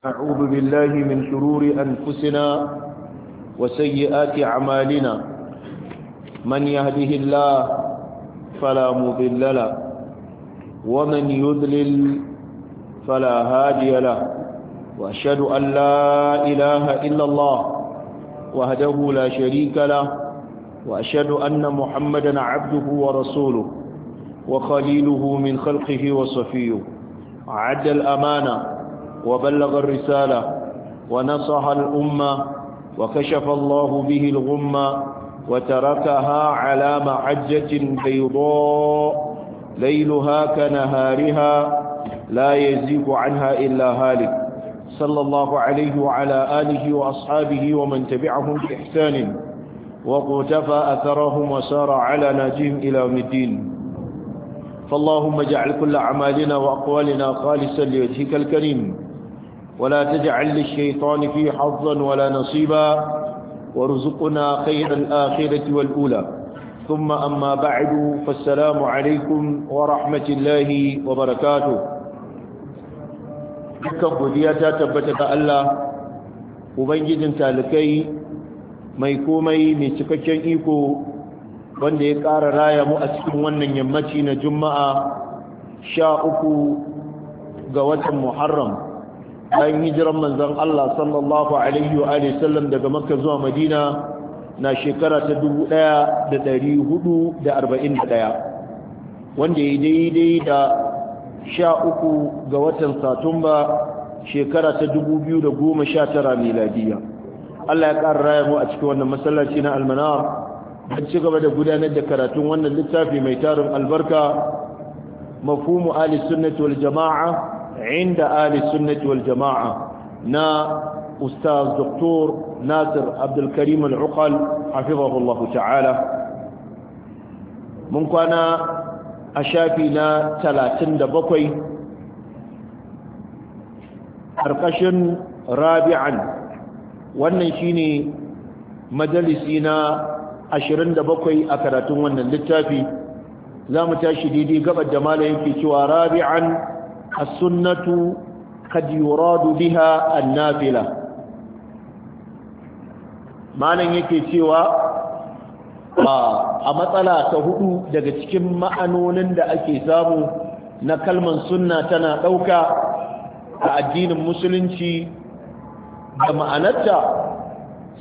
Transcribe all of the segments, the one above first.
أعوذ بالله من شرور أنفسنا وسيئات أعمالنا من يهده الله فلا مضل له ومن يذلل فلا هادي له وأشهد أن لا إله إلا الله وهده لا شريك له وأشهد أن محمدا عبده ورسوله وخليله من خلقه وصفيه عد الأمانة وبلغ الرسالة ونصح الأمة وكشف الله به الغمة وتركها على معجة بيضاء ليلها كنهارها لا يزيب عنها إلا هالك صلى الله عليه وعلى آله وأصحابه ومن تبعهم بإحسان وقتفى أثرهم وسار على ناجهم إلى الدين فاللهم اجعل كل أعمالنا وأقوالنا خالصا لوجهك الكريم ولا تجعل للشيطان في حظا ولا نصيبا وارزقنا خير الآخرة والأولى ثم أما بعد فالسلام عليكم ورحمة الله وبركاته dukkan godiya ta tabbata ga Allah ubangijin talikai mai komai mai cikakken iko wanda ya ƙara raya mu a cikin wannan yammaci na juma'a sha uku ga watan muharram bayan hijiran manzon Allah sallallahu alaihi wa sallam daga Makka zuwa Madina na shekara ta 1441 wanda ya daidai da 13 ga watan Satumba shekara ta 2019 miladiya Allah ya raya mu a cikin wannan masalaci na Almanar an ci gaba da gudanar da karatun wannan littafi mai tarin albarka mafhumu ahli sunnati wal jama'a inda ahli sunnati wal jama'a na ustaz doktor nasir abdulkarim al'uqal hafizahullahu ta'ala mun kwana a shafi na 37, ƙarƙashin rabi'an wannan shine majalisi na ashirin a karatun wannan littafi za mu tashi daidai gabar da malayin ke cewa rabi'an sunnatu قد يراد بها النافلة ما لن يكي سوى a matsala ta hudu daga cikin ma'anonin da ake samu na kalman sunna tana ɗauka a addinin musulunci da ma'anarta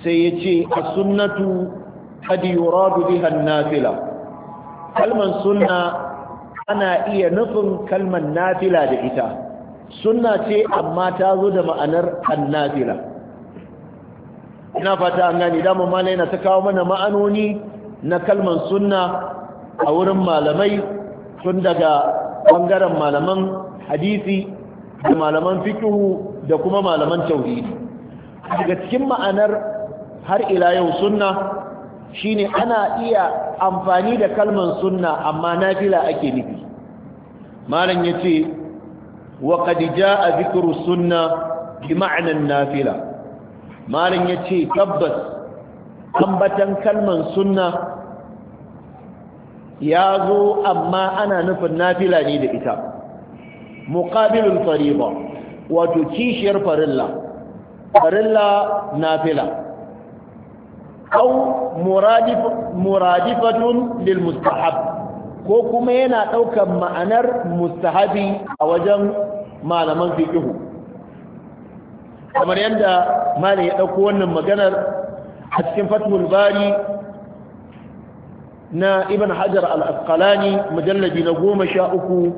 sai ya ce a sunnatu hadi yuradu bihan nafila kalman sunna ana iya nufin kalmar nafila da ita sunna ce amma ta zo da ma'anar annafila ina fata an gani dama malai ta kawo mana ma'anoni na kalmar sunna a wurin malamai tun daga bangaren malaman hadisi da malaman fikihu da kuma malaman tauhidi daga cikin ma'anar har ila yau sunna shine ana iya amfani da kalman sunna amma nafila ake nufi malam yace wa qad jaa dhikru sunna bi ma'na nafila malam yace tabbas ambatan kalman sunna ya zo amma ana nufin nafila ne da ita muqabilul wa wato kishiyar farilla farilla nafila aw muradifatun lil mustahab ko kuma yana ɗaukar ma'anar mustahabi a wajen malaman fiƙihu kamar yadda malam ya ɗauko wannan maganar a cikin fathul bari na ibn hajar al-asqalani mujallabi na goma sha uku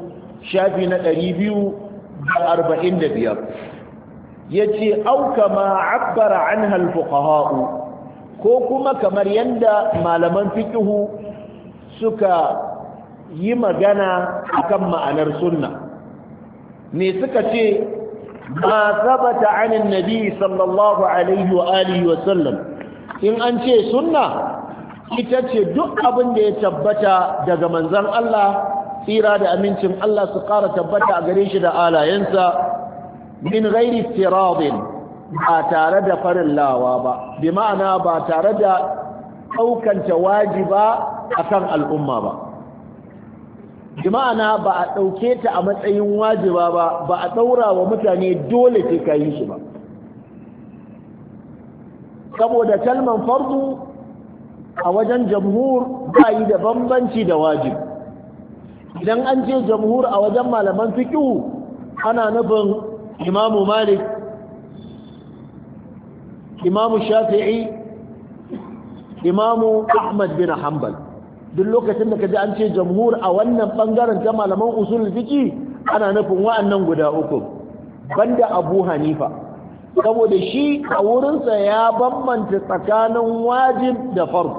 shafi na ɗari biyu da arba'in da biyar ya ce auka ma abbara an halfuka ha'u ko kuma kamar yadda malaman fikihu suka yi magana akan ma'anar sunna me suka ce ma sabata anin nabi sallallahu alaihi wa alihi wa sallam in an ce sunna ita ce duk abin da ya tabbata daga manzon Allah tsira da amincin Allah su ƙara tabbata a gare shi da alayensa min ghairi tiradin ba tare da farin lawa ba bi ma'ana ba tare da ɗaukanta wajiba akan al'umma ba bi ma'ana ba a ɗauke ta a matsayin wajiba ba ba a ɗaura wa mutane dole sai ka yi shi ba saboda kalman fardu a wajen jamhur ba yi da bambanci da wajib idan an ce jamhur a wajen malaman fikihu ana nufin imamu malik imamu shafi'i imamu ahmad bin hanbal duk lokacin da kaji an ce jamhur a wannan bangaren ta malaman usul fiqi ana nufin wa'annan guda uku banda abu hanifa saboda shi a wurinsa ya bambanta tsakanin wajib da farz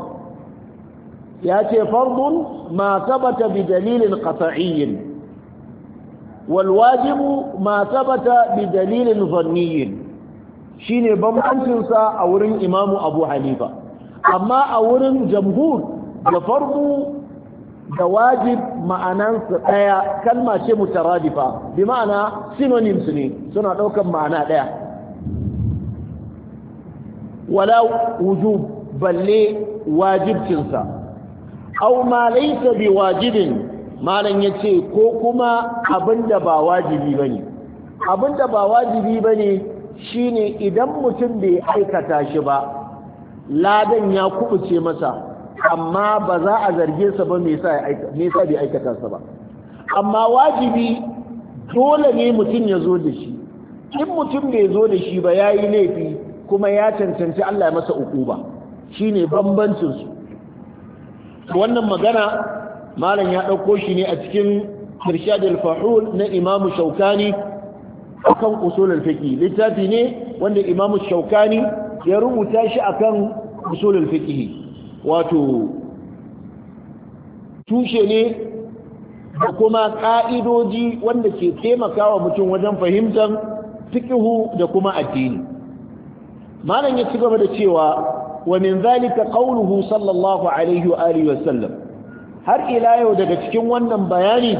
ya ce farzun ma tabata bi dalilin qat'iyyin wal wajibu ma tabata bi dalilin zanniyin shine bambancinsa a wurin imamu abu hanifa amma a wurin jamhur da farko da wajib ma'anansu ɗaya kalma ce mutaradifa bi ma'ana synonyms ne suna ɗaukan ma'ana ɗaya wala wujub balle wajibcinsa au ma laysa bi wajibin malan yace ko kuma abinda ba wajibi bane abinda ba wajibi bane shine idan mutum bai aikata shi ba ladan ya kubuce masa amma ba za a zarge sa ba me yasa bai aikata sa ba amma wajibi dole ne mutum ya zo da shi in mutum bai zo da shi ba ya yi laifi kuma ya cancanci Allah ya masa ukuba shine bambancin su wannan magana malam ya ɗauko shi ne a cikin irshad al-fahul na imamu shaukani akan usulul fiqh littafi ne wanda imamu shaukani ya rubuta shi akan usulul fiqh wato tushe ne da kuma ka'idoji wanda ke taimakawa mutum wajen fahimtar fiqh da kuma addini malam ya ci gaba da cewa wa min zalika qawluhu sallallahu alaihi wa alihi wa sallam har ila yau daga cikin wannan bayani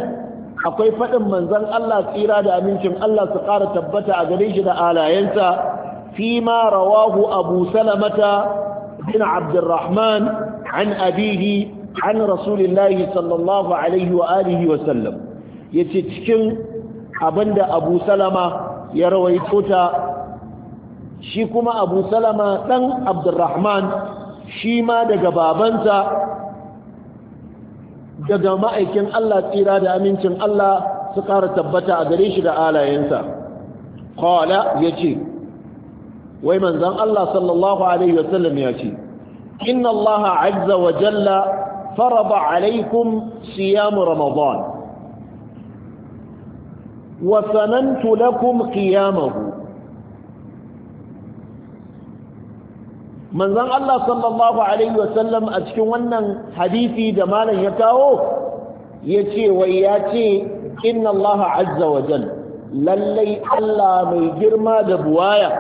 akwai faɗin manzon Allah tsira da amincin Allah su ƙara tabbata a gare shi da alayensa fi ma rawahu abu salamata bin abdurrahman an abihi an rasulillahi sallallahu alaihi wa alihi wa sallam cikin abinda abu salama ya rawaito ta shi kuma abu salama ɗan abdurrahman shi ma daga babansa daga ma'aikin Allah tsira da amincin Allah su ƙara tabbata a gare shi da alayensa ya yace wai manzon Allah sallallahu alaihi wasallam ya ce inna Allah wa jalla faraba alaikum siyamu ramadan wa sanantu lakum qiyamahu manzon Allah sallallahu alaihi wasallam a cikin wannan hadisi da malam ya kawo yace wai ya ce inna Allah azza wa jal lallai Allah mai girma da buwaya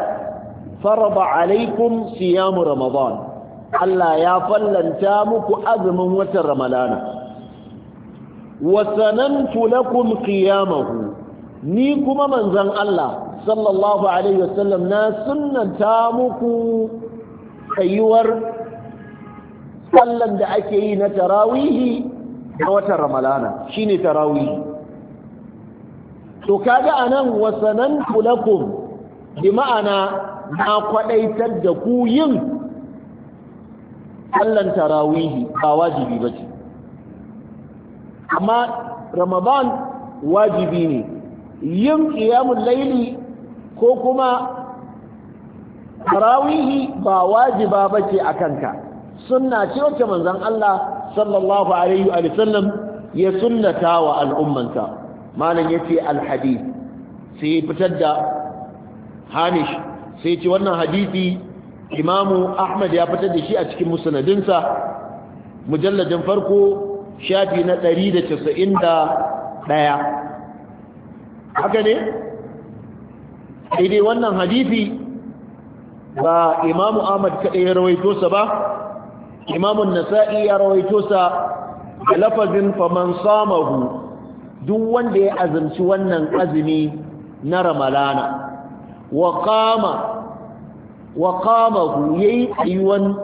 farada alaikum siyam ramadan Allah ya fallanta muku azumin watan ramadana wa sanantu lakum qiyamahu ni kuma manzon Allah sallallahu alaihi wasallam na sunnanta muku tsayuwar sallan da ake yi na tarawihi na watan ramalana ne tarawihi to kaga anan wasanan kulakun bi ma'ana na kwadaitar da ku yin sallan tarawihi ba wajibi ba ce. amma ramadan wajibi ne yin ƙiyamun laili ko kuma tarawihi ba wajiba bace a kanka sunna ce wacce manzon Allah sallallahu alaihi wa sallam ya sunnata wa al'ummansa malam yace alhadith sai fitar da hanish sai ce wannan hadisi Imam ahmad ya fitar da shi a cikin musnadinsa mujalladin farko shafi na 191 haka ne sai wannan hadisi ba imamu ahmad kaɗai ya rawaito sa ba imamun nasa'i ya rawaito sa da lafazin faman samahu duk wanda ya azumci wannan azumi na ramalana wa qama wa qamahu yayi ayyuwan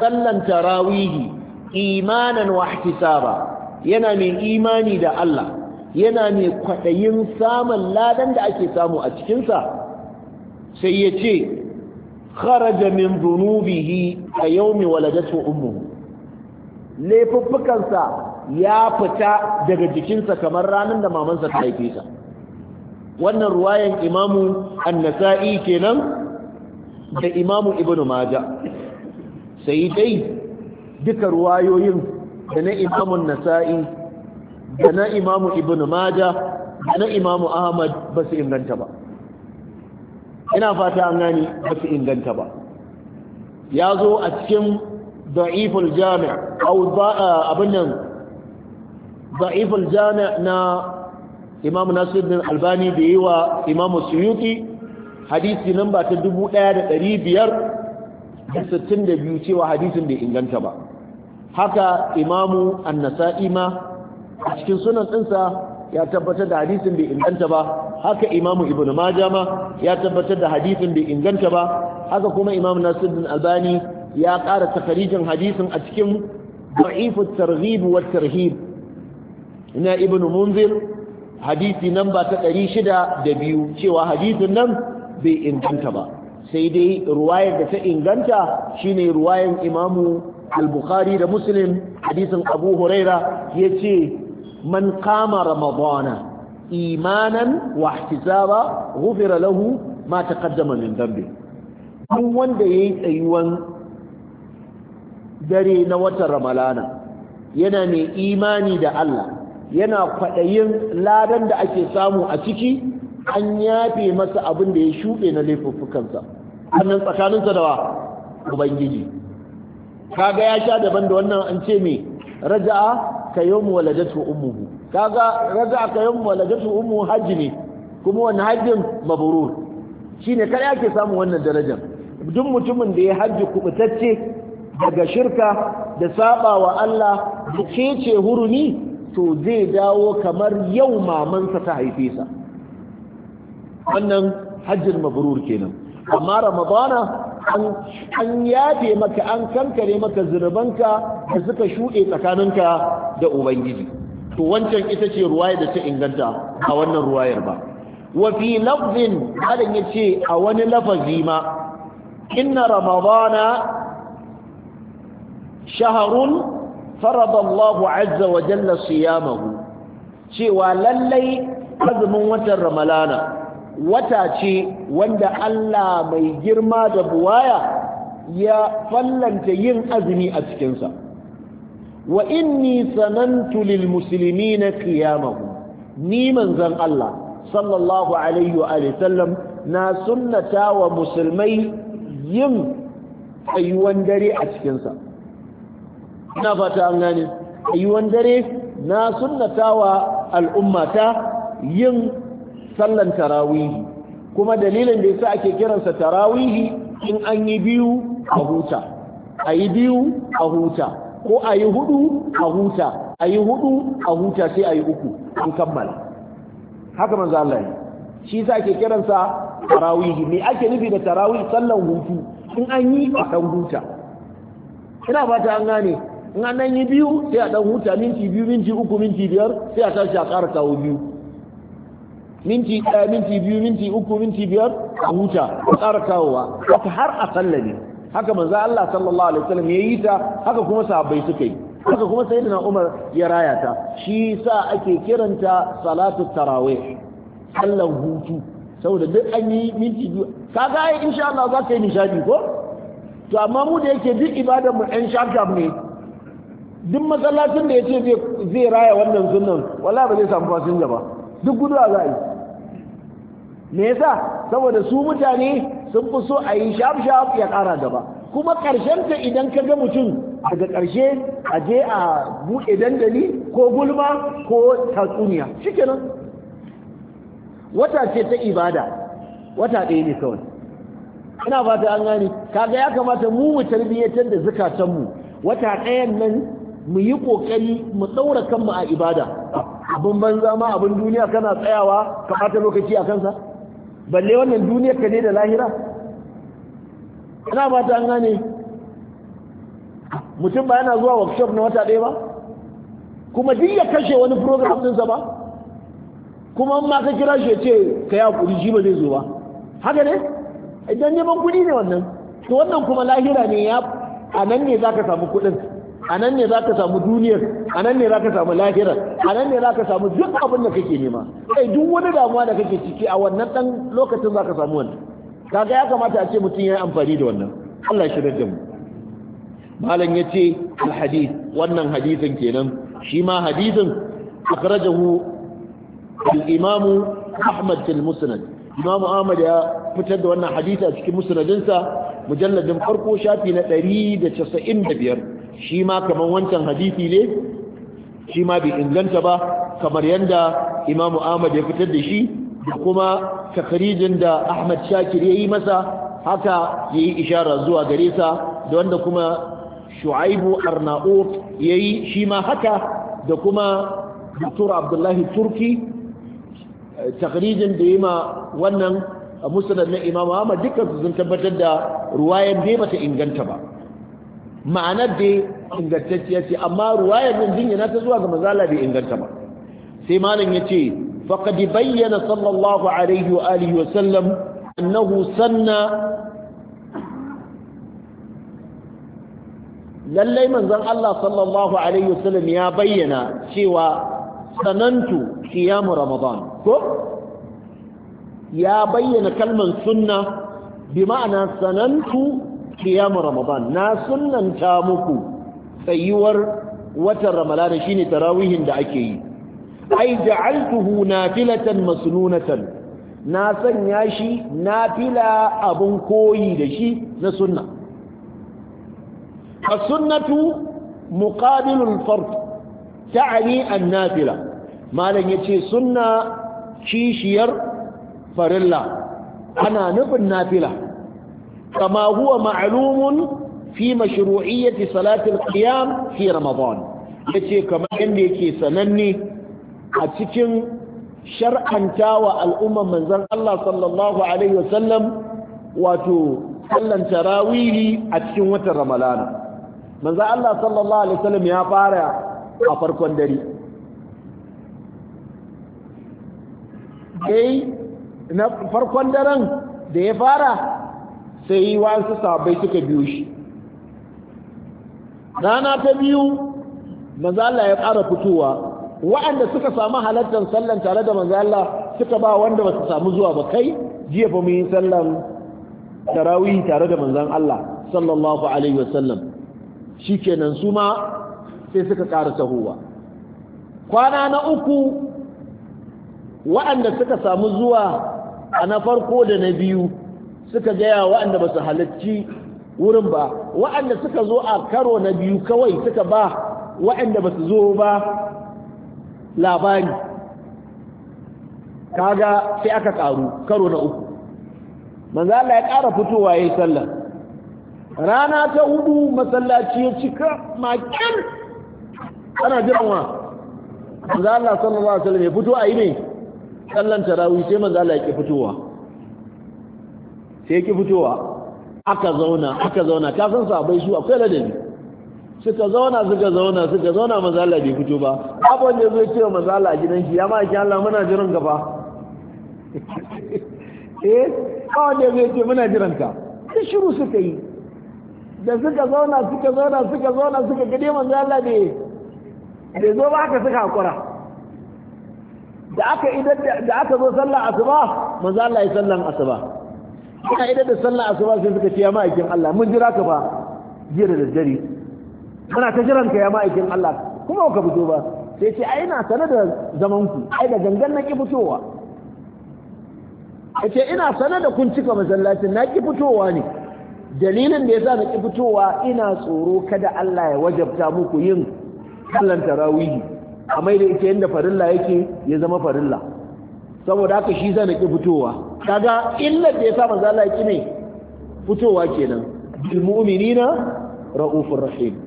sallan tarawihi imanan wa ihtisaba yana mai imani da Allah yana mai kwaɗayin samun ladan da ake samu a cikinsa? sai ya ce kharaja min dhunubihi a yaumi waladatu ummuhu laifuffukansa ya fita daga jikinsa kamar ranar da mamansa ta haife sa wannan ruwayan imamu annasa'i kenan da imamu ibnu maja sai dai duka ruwayoyin da na imamu nasa'i da na imamu ibnu maja da na imamu ahmad ba su inganta ba ina fata an gani ba su inganta ba ya zo a cikin da'iful jami' au abin nan da'iful Jami'a na imam nasir bin albani da yi wa imam suyuti hadisi nan ba ta 1562 cewa hadisin da inganta ba haka imamu annasa'i ma a cikin sunan ɗinsa ya tabbatar da hadisin bai inganta ba haka imamu ibnu maja ma ya tabbatar da hadisin bai inganta ba haka kuma imamu nasiruddin albani ya kara takarijin hadisin a cikin da'ifu targhib wa tarhib ina ibnu munzir hadisi namba ta 602 cewa hadisin nan bai inganta ba sai dai ruwayar da ta inganta shine ruwayar imamu al-bukhari da muslim hadisin abu huraira yace man kama ramadana imanan wa ihtisaba ghufira lahu ma taqaddama min dhanbi duk wanda yayi tsayuwan dare na watan ramalana yana mai imani da Allah yana kwaɗayin ladan da ake samu a ciki an yafe masa abin da ya shuɗe na laifuffukansa wannan tsakaninsa da wa ubangiji kaga ya sha daban da wannan an ce mai raja'a ka yawm waladatu ummuhu kaga raja'a ka yawm waladatu ummuhu hajji ne kuma wannan hajjin mabrur shine kada ake samu wannan darajar duk mutumin da ya hajji kubutacce daga shirka da saba wa Allah da kece hurumi to zai dawo kamar yau mamansa ta haife sa wannan hajjin mabrur kenan amma ramadana an yafe maka an kankare maka zurbanka da suka shuɗe tsakaninka da ubangiji to wancan ita ce ruwaya da ta inganta a wannan ruwayar ba wa fi lafzin ya yace a wani lafazi ma inna ramadana Shaharun farada Allahu azza wa jalla siyamahu cewa lallai azumin watan ramalana wata ce wanda Allah mai girma da buwaya ya fallanta yin azumi a cikinsa wa inni sanantu lil na qiyamahu ni manzon Allah sallallahu alaihi wa sallam na sunnata wa musulmai yin tsayuwan dare a cikinsa ina fata an gane tsayuwan dare na sunnata wa al'ummata yin sallan tarawihi kuma dalilin da yasa ake kiransa tarawihi in an yi biyu a huta a yi biyu a huta ko a yi hudu a huta a yi hudu a huta sai a yi uku an kammala haka manzo Allah ne shi yasa ake kiransa tarawihi me ake nufi da tarawih sallan hutu in an yi a dan huta ina fata an gane in an yi biyu sai a dan huta minti biyu minti uku minti biyar sai a tashi a ƙara kawo biyu minti ɗaya minti biyu minti uku minti biyar a huta a tsara kawowa haka har a sallame haka manzo Allah sallallahu alaihi wasallam ya yi ta haka kuma sahabbai suka yi haka kuma sayyidina Umar ya raya ta shi sa ake kiranta salatu tarawih sallan hutu saboda duk an yi minti biyu kaga ai insha Allah za ka yi nishadi ko to amma mu da yake duk ibadar mu ɗan shafshaf ne duk masallacin da ya zai zai raya wannan sunan wallahi ba zai samu fasinja ba duk gudu za a yi me yasa saboda su mutane sun fi so a yi shaf shaf ya ƙara gaba kuma ƙarshen ta idan ka ga mutum daga ƙarshe a je a buɗe dandali ko gulma ko tatsuniya shikenan wata ce ta ibada wata ɗaya ne kawai ina fata an gani kaga ya kamata mu mu tarbiyyatar da zukatanmu wata ɗayan nan mu yi ƙoƙari mu ɗaura kanmu a ibada abin banza ma abin duniya kana tsayawa ka lokaci a kansa balle wannan duniya ka ne da lahira ina ba ta gane mutum ba yana zuwa workshop na wata ɗaya ba kuma duk ya kashe wani program ɗinsa ba kuma ma ka kira shi ce ka ya kuri shi ba zai zo ba haka ne idan neman kuɗi ne wannan to wannan kuma lahira ne ya a nan ne za ka samu kuɗin a nan ne za ka samu duniyar a nan ne za ka samu lahirar a nan ne za ka samu duk abin da kake nema kai eh, duk wani damuwa da kake ciki a wannan ɗan lokacin za ka samu wannan kaga ya kamata a ce mutum ya yi amfani da wannan Allah shi da mu malam ya ce alhadis wannan hadisin kenan shi ma hadisin akrajahu al-imam Ahmad al musnad imam Ahmad ya fitar da wannan hadisi a cikin musnadinsa mujalladin farko shafi na 195 shi ma kamar wancan hadisi ne shi ma bai inganta ba kamar yadda imamu ahmad ya fitar da shi da kuma takarijin da ahmad shakir ya yi masa haka ya yi ishara zuwa gare sa da wanda kuma shu'aibu arna'ut ya yi shi ma haka da kuma dr abdullahi turki takarijin da ya ma wannan musnad na imamu ahmad dukkan su sun tabbatar da ruwayan bai mata inganta ba ma'anar da ingantacciya ce amma ruwayar din jinyana ta zuwa ga mazala bai inganta ba sai malam ya yace faqad bayyana sallallahu alaihi wa alihi wa sallam annahu sanna lallai manzan Allah sallallahu alaihi wa sallam ya bayyana cewa sanantu qiyam ramadan ko ya bayyana kalman sunna bi ma'ana sanantu kiyamu ramadan na sunanta muku tsayuwar watan ramadan shine tarawihin da ake yi ai ja'altuhu nafilatan masnunatan na sanya shi nafila abun koyi da shi na sunna as-sunnatu muqabilul fard ta'ani an-nafila malan yace sunna kishiyar farilla ana nufin nafila kama huwa fi mashru'iyyati salati al-qiyam fi ramadan yace kamar yanda yake sananne a cikin shar'antawa al'umma manzon Allah sallallahu alaihi wasallam wato sallan tarawihi a cikin watan ramadana manzon Allah sallallahu alaihi wasallam ya fara a farkon dare dai na farkon daren da ya fara sai yi wasu sabai suka biyo shi rana ta biyu manzala ya ƙara fitowa waɗanda suka samu halartar sallan tare da manzala suka ba wanda ba su samu zuwa ba kai jiya ba muyi yi sallan tarawih tare da manzan Allah sallallahu alaihi wasallam shikenan su ma sai suka ƙara tahowa. kwana na uku waɗanda suka samu zuwa a na farko da na biyu suka gaya waɗanda ba su halarci wurin ba waɗanda suka zo a karo na biyu kawai suka ba waɗanda ba su zo ba labari kaga sai aka karu karo na uku manzo Allah ya ƙara fitowa yayin sallah rana ta hudu masallaci ya cika makin ana jiran wa manzo Allah sallallahu alaihi wasallam ya fito a yi ne sallan tarawih sai manzo Allah ya ke fitowa sai ki fitowa aka zauna aka zauna ka san sabai su akwai ladabi suka zauna suka zauna suka zauna manzo bai fito ba abin da zai ce manzo a gidan shi ya ma ki Allah muna jiran gaba eh abin da zai ce muna jiran ka sai shiru suka yi da suka zauna suka zauna suka zauna suka gade manzo ne da zo ba aka suka hakura da aka idan da aka zo sallar asuba manzo ya sallan asuba suka ida da sallah asuba sai suka ce ya ma'aikin Allah mun jira ka ba jiya da daddare muna ta jiran ka ya ma'aikin Allah kuma ka fito ba sai ce ai na sanar da zaman ku ai da gangan na ki fitowa ce ina sanar da kun cika masallacin na ki fitowa ne dalilin da sa na ki fitowa ina tsoro kada Allah ya wajabta muku yin sallan tarawihi a mai da ita yadda farilla yake ya zama farilla saboda haka shi zai na ki fitowa kaga illar da sa manzo Allah ya kine fitowa kenan bil mu'minina raufur rahim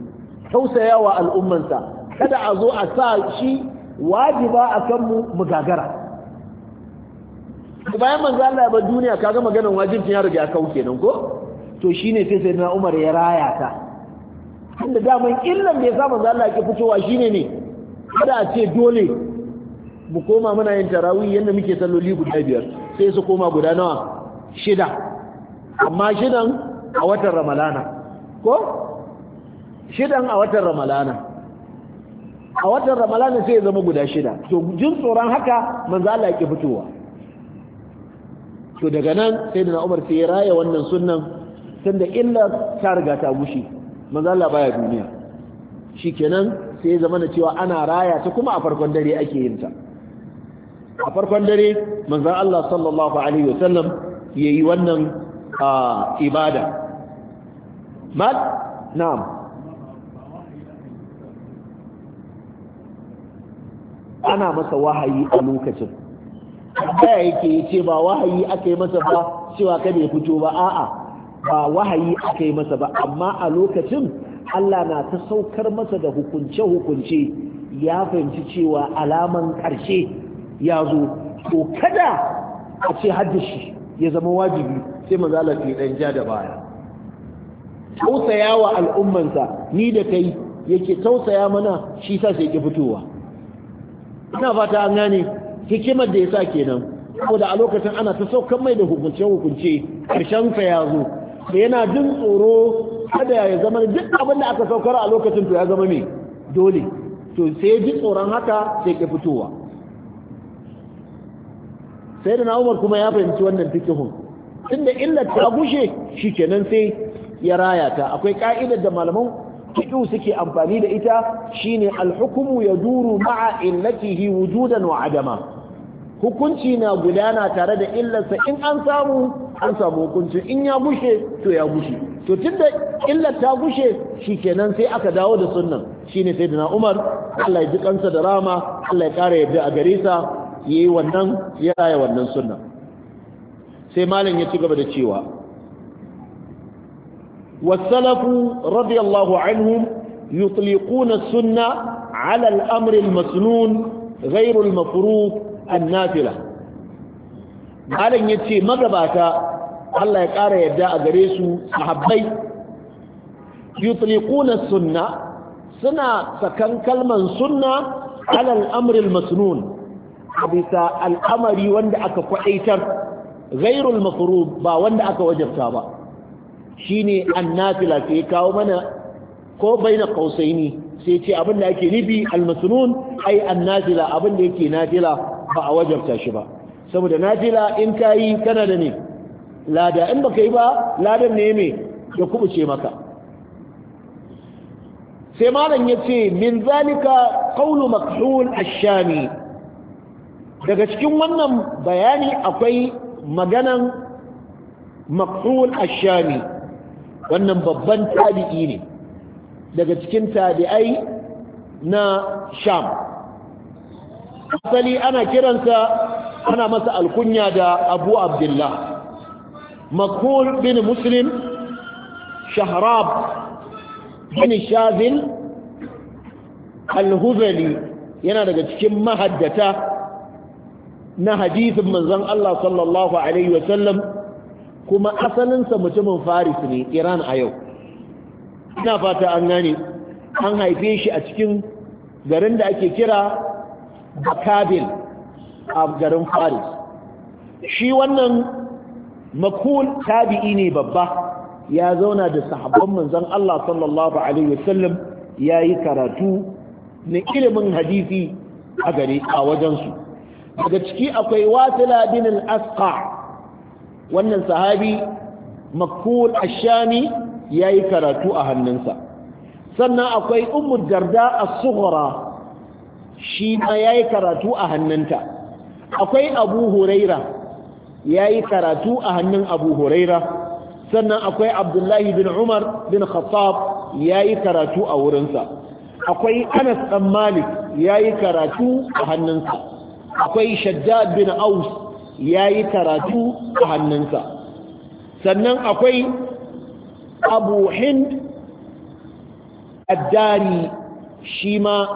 wa al'ummansa kada a zo a sa shi wajiba a mu mu gagara bayan manzo Allah ya duniya kaga maganar wajibin ya riga ya kau kenan ko to shine sai sai na Umar ya raya ta tunda daman illan da ya sa manzo Allah ya fitowa shine ne kada a ce dole mu koma muna yin tarawih yanda muke salloli guda biyar sai su koma guda nawa shida amma shidan a watan ramalana ko shidan a watan ramalana a watan ramalana sai ya zama guda shida to jin tsoron haka manzo Allah yake fitowa to daga nan sai da Umar sai ya raya wannan sunnan tunda illa ta riga ta gushi manzo Allah baya duniya shikenan sai ya zama na cewa ana raya ta kuma a farkon dare ake yin ta a farkon dare manzan Allah sallallahu Alaihi wasallam ya yi wannan ibada mal na'am ana masa wahayi a lokacin da yake ce ba wahayi aka yi masa ba cewa kada ya fito ba a'a ba wahayi aka yi masa ba amma a lokacin Allah na ta saukar masa da hukunce-hukunce ya fahimci cewa alaman ƙarshe ya zo to kada a ce haddashi ya zama wajibi sai manzala ke dan ja da baya tausaya wa al'ummansa ni da kai yake tausaya mana shi sa sai ki fitowa ina fata an gane hikimar da yasa kenan saboda a lokacin ana ta saukan mai da hukunce hukunce karshen sa ya zo yana jin tsoro kada ya zama duk abin da aka saukar a lokacin to ya zama mai dole to sai ji tsoron haka sai ki fitowa sai da umar kuma ya fahimci wannan fikihun tunda illar ta gushe shikenan sai ya raya ta akwai ka'idar da malaman fiqh suke amfani da ita shine alhukumu ya duru ma'a illatihi wujudan wa adama hukunci na gudana tare da illarsa in an samu an samu hukunci in ya gushe to ya gushe to tunda illar ta gushe shikenan sai aka dawo da sunnan shine sayyidina Umar Allah ya ji kansa da rama Allah ya kare yadda a gare sa yi wannan ya raya wannan sunna sai malam ya ci gaba da cewa wasalafu radiyallahu anhum yutliquna sunna 'ala al al-masnun ghayr al-mafruq an-nafila malam yace magabata Allah ya ƙara yadda a gare su sahabbai yutliquna sunna suna sakan kalman sunna 'ala al-amr al-masnun bisa al'amari wanda aka kwaɗaitar ghairul mafrud ba wanda aka wajabta ba shine annafila sai kawo mana ko baina qausaini sai ce abin da yake nufi almasnun ai annafila abin da yake nafila ba a wajabta shi ba saboda nafila in kayi kana da ne lada in baka yi ba ladan ne me ya kubuce maka sai malam yace min zalika qawlu makhul ash-shami daga cikin wannan bayani akwai maganan maqsul ash-shami wannan babban tabi'i ne daga cikin tabi'ai na sham asali ana kiransa ana masa alkunya da abu abdullah maqul bin muslim shahrab bin shazin al yana daga cikin mahaddata na hadisin manzon Allah sallallahu alaihi sallam kuma asalinsa mutumin Faris ne Iran a yau ina fata an gane an haife shi a cikin garin da ake kira Bakabil a garin Faris shi wannan makul tabi'i ne babba ya zauna da sahabban manzon Allah sallallahu alaihi wasallam yayi karatu na ilimin hadisi a gare a wajensu daga ciki akwai wasila bin al-asqa wannan sahabi makul ashami yayi karatu a hannunsa sannan akwai ummu darda as-sughra shi ma yayi karatu a hannunta akwai abu huraira yayi karatu a hannun abu huraira sannan akwai abdullahi bin umar bin khattab yayi karatu a wurinsa akwai anas dan malik yayi karatu a hannunsa akwai shaddad bin aus ya yi karatu a hannunsa sannan akwai abu hind addari shi ma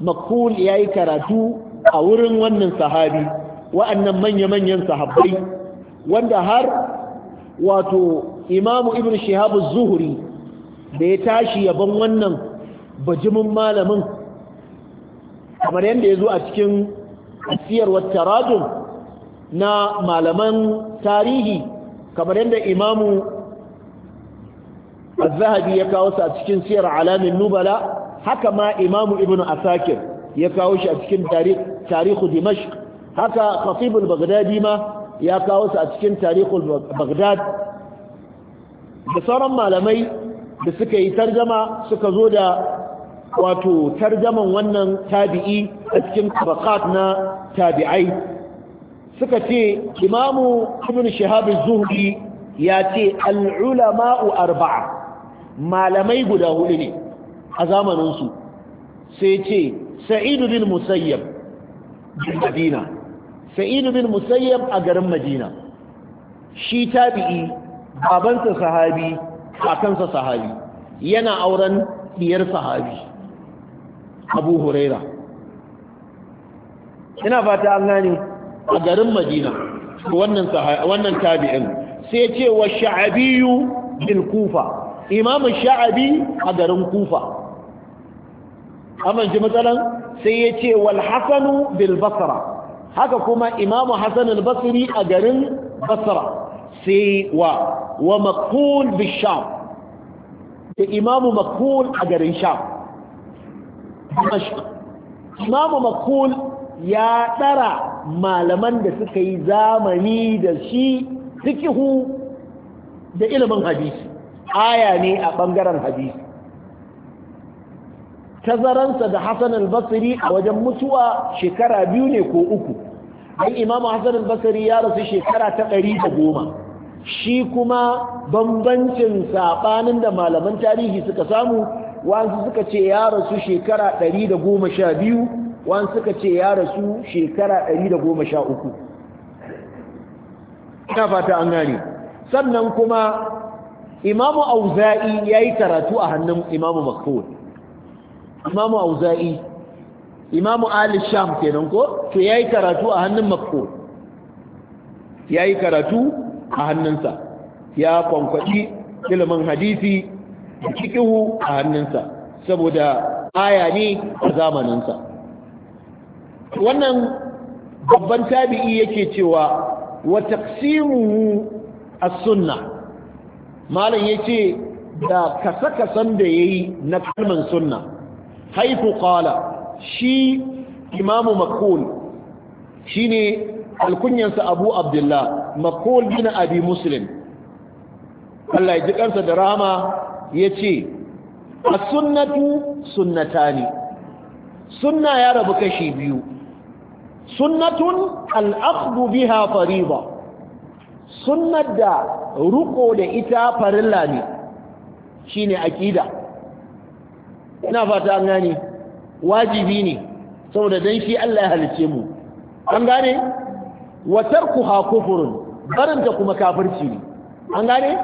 makul ya yi karatu a wurin wannan sahabi wa'annan manya-manyan sahabbai wanda har wato imamu ibn shihabu zuhuri da ya tashi yaban wannan bajimin malamin kamar yadda ya zo a cikin asiyar wattarajum na malaman tarihi kamar yadda imamu zahabi ya kawo su a cikin siyar alamin nubala haka ma imamu ibnu asakir ya kawo shi a cikin tarihu dimashq haka khatibul baghdadi ma ya kawo su a cikin tarihul baghdad da sauran malamai da suka yi tarjama suka zo da wato tarjaman wannan tabi'i a cikin tabakat na tabi'ai suka ce imamu ibn shahabin zuhri ya ce al'ulama'u arba'a malamai guda hudu ne a zamaninsu sai ce sa'idu bin musayyab bin madina sa'idu bin musayyab a garin madina shi tabi'i babansa sahabi kakansa sahabi yana auren biyar sahabi abu huraira ina fata an gani. a garin madina wannan tabi'in sai ce wa sha'abiyu bil kufa imamu sha'abi a garin kufa amince matsalan sai ya ce wal hasanu bil basra haka kuma imamu hasan al basri a garin basra sai wa wa maqul da imamu maqul a garin sham mashi imamu Makul ya ɗara malaman da suka yi zamani da shi fikihu da ilimin hadisi aya ne a ɓangaren hadisi tazaransa da Hassan al a wajen mutuwa shekara biyu ne ko uku ai imamu Hassan al ya rasu shekara ta ɗari da goma shi kuma bambancin saɓanin da malaman tarihi suka samu wa'ansu suka ce ya rasu shekara 112 wa'ansu suka ce ya rasu shekara 113 ina fata an gani. sannan kuma imamu auza'i ya yi karatu a hannun imamu makfur imamu auza'i imamu alisham kenan ko to ya yi karatu a hannun makfur ya yi karatu a hannunsa ya kwankwaci ilimin hadisi da a hannunsa saboda aya ne a zamaninsa wannan babban tabi'i yake cewa wa taqsimuhu as-sunna malam yace da kasa-kasan da yayi na kalman sunna haifu qala shi imamu makul shine alkunyansa abu abdullah makul bin abi muslim Allah ya ji kansa da rahama ya ce a sunnatu sunnata ne sunna ya rabu kashi biyu sunnatun al'akdu biha fariba sunnat da ruko da ita farilla ne shi ne aƙida ina fata an gane wajibi ne saboda don shi Allah ya halice mu an gane watar ku ha kufurin barinta kuma kafirci ne an gane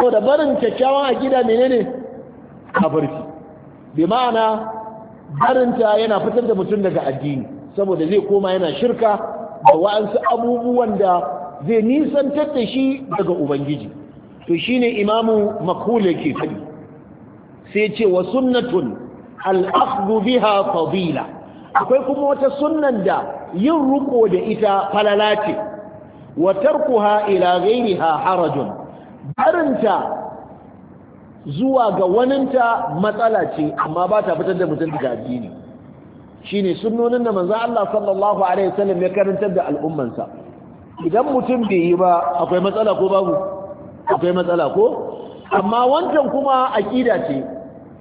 ko da barin kyakkyawan gida menene kafirci bi ma'ana barinta yana fitar da mutum daga addini saboda zai koma yana shirka da wa'ansu abubuwan da zai nisantar da shi daga ubangiji to shine imamu makule ke faɗi sai ce wa sunnatun al'akhdhu biha akwai kuma wata sunnan da yin ruko da ita falala ce wa tarkuha ila ghairiha harajun barinta zuwa ga waninta matsala ce amma ba ta fitar da mutum daga addini ne sunonin da manzo Allah sallallahu alaihi wasallam ya karantar da al'ummansa idan mutum bai yi ba akwai matsala ko babu akwai matsala ko amma wancan kuma aƙida ce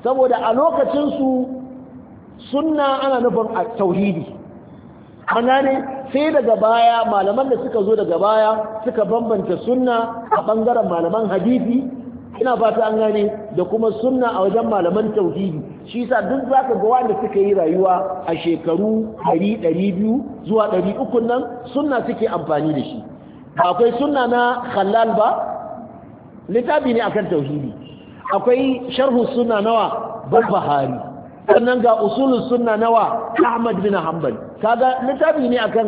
saboda a lokacinsu su sunna ana nufin tauhidi ana ne sai daga baya malaman da suka zo daga baya suka bambanta sunna a bangaren malaman hadisi ina fata an gane da kuma sunna a wajen malaman tauhidi shi yasa duk zaka ga wanda suka yi rayuwa a shekaru 100 200 zuwa 300 nan sunna suke amfani da shi akwai sunna na halal ba littafi ne akan tauhidi akwai sharhu sunna nawa bahari sannan ga usulun sunna nawa Ahmad bin Hanbal kaga littafi ne akan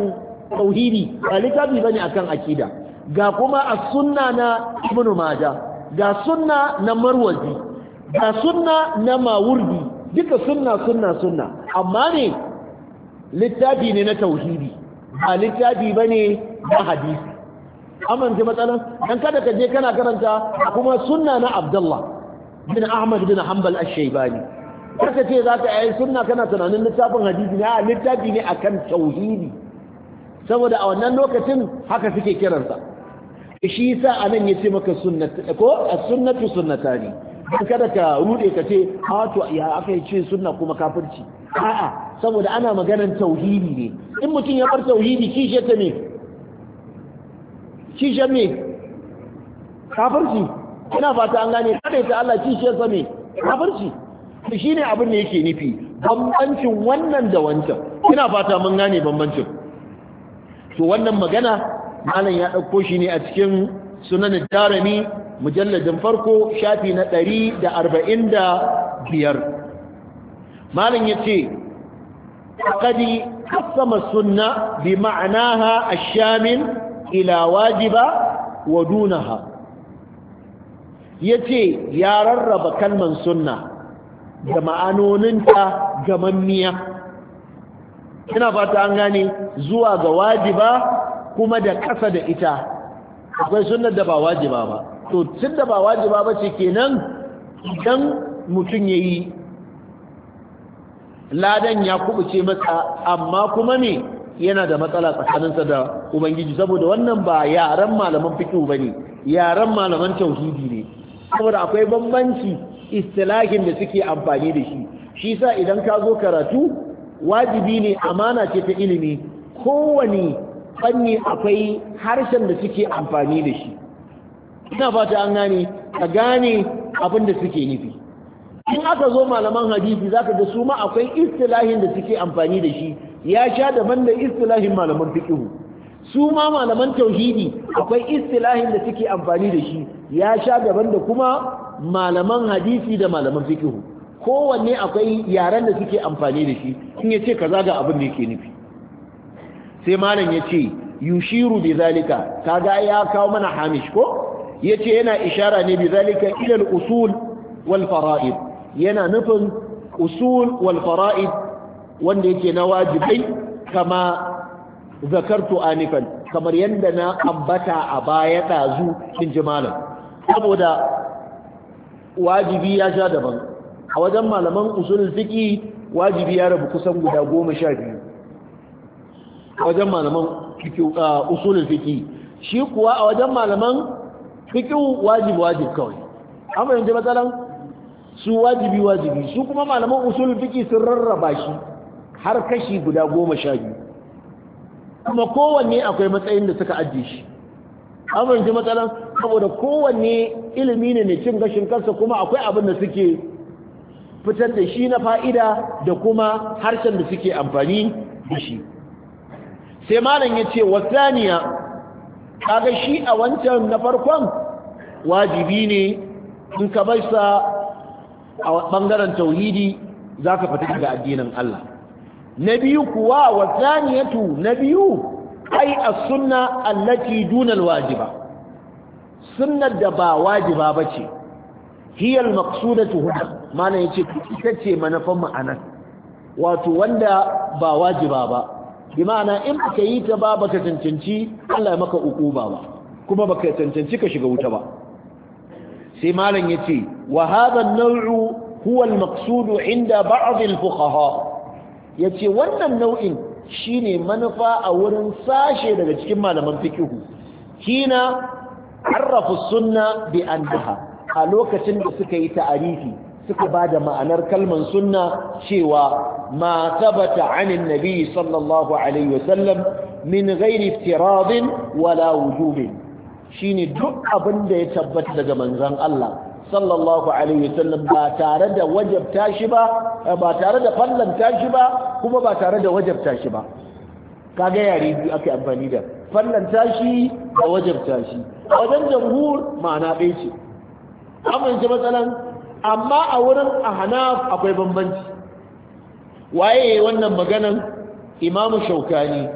tauhidi ba littafi bane akan akida ga kuma as-sunna na Ibn Majah ga sunna na Marwazi ga sunna na Mawardi duka sunna sunna sunna amma ne littafi ne na tauhidi ba littafi bane na hadisi ji matsalan dan kada ka je kana karanta kuma sunna na Abdullah bin Ahmad bin Hanbal ash-Shaybani kaka ce za ka yi sunna kana tunanin littafin hadisi ne a littafi ne akan tauhidi saboda a wannan lokacin haka suke kiransa shi yasa anan yace maka sunnatu ko as-sunnatu sunnatani dan kada ka rude ka ce a to ya aka yi ce sunna kuma kafirci a'a saboda ana maganar tauhidi ne in mutum ya bar tauhidi kishe ta ne kishe me kafirci ina fata an gane kada ta Allah kishe ta me kafirci shi ne abin da yake nufi bambancin wannan da wancan ina fata mun gane bambancin to wannan magana malam ya ɗauko shi ne a cikin sunan darami mujalladin farko shafi na ɗari da arba'in da biyar malam ya ce faƙadi kasama sunna bi ma'anaha ashamin ila wajiba wa dunaha ya ce ya rarraba kalman sunna da ma'anoninta mammiya ina fata an gane zuwa ga wajiba kuma da ƙasa da ita akwai sunnar da ba wajiba ba to tun da ba wajiba ba ce kenan idan mutum ya yi ladan ya kubuce masa amma kuma ne yana da matsala tsakaninsa da ubangiji saboda wannan ba yaren malaman fikihu ba ne yaren malaman tauhidi ne saboda akwai bambanci istilahin da suke amfani da shi shi sa idan ka zo karatu wajibi ne amana ce ta ilimi kowane fanni akwai harshen da suke amfani da shi ina fata an gane ka gane abin da suke nufi in aka zo malaman hadisi za ka ga su ma akwai istilahin da suke amfani da shi ya sha daban da istilahin malaman fiqh su ma malaman tauhidi akwai istilahin da suke amfani da shi ya sha daban da kuma malaman hadisi da malaman fikihu kowanne akwai yaren da suke amfani da shi in yace ce kaza ga abin da yake nufi sai malam yace yushiru bi zalika kaga ya kawo mana hamish ko yace yana ishara ne bi zalika ila al-usul wal fara'id yana nufin usul wal fara'id wanda yake na wajibai kama zakartu anifan kamar yanda na ambata a baya dazu in ji malam saboda wajibi ya sha daban a wajen malaman usul fiqi wajibi ya rabu kusan guda goma sha biyu a wajen malaman uh, usul fiqi shi kuwa a wajen malaman fiqi wajibi wajibi kawai amma yanzu matsalan su wajibi wajibi su kuma malaman usul fiqi sun rarraba shi har kashi guda goma sha biyu kuma kowanne akwai matsayin da suka ajiye shi amma yanzu matsalan saboda kowanne ilimi ne ne cin gashin kansa kuma akwai abin da suke fitar da shi na fa'ida da kuma harshen da suke amfani da shi sai malam ya ce wasaniya kaga shi a wancan na farkon wajibi ne in ka bar sa a ɓangaren tauhidi za ka fita daga addinin Allah na biyu kuwa wasaniyatu na biyu ai a sunna allati dunal wajiba sunnar da ba wajiba ba ce hiyar maksudatu huna mana ya ce ita ce manufan ma'anan wato wanda ba wajiba ba bi ma'ana in baka yi ta ba baka cancanci Allah ya maka ukuba ba kuma baka cancanci ka shiga wuta ba sai malam yace wa hadha an-naw'u huwa al-maqsudu 'inda ba'd al-fuqaha yace wannan nau'in shine manufa a wurin sashe daga cikin malaman fiqh kina arrafu sunna bi annaha a lokacin da suka yi ta'arifi suka ba da ma'anar kalman sunna cewa ma tabata anin nabi sallallahu alaihi wasallam min ghairi iftiradin wala wujubin shine duk abin da ya tabbata daga manzon Allah sallallahu alaihi wasallam ba tare da wajabta shi ba ba tare da fallanta shi ba kuma ba tare da wajabta shi ba kaga yare biyu ake amfani da Fallan tashi da wajen A wajen jamhur ma'ana ɗaya ce amince matsalan amma a wurin a hana akwai bambanci waye wannan maganan imamu shaukani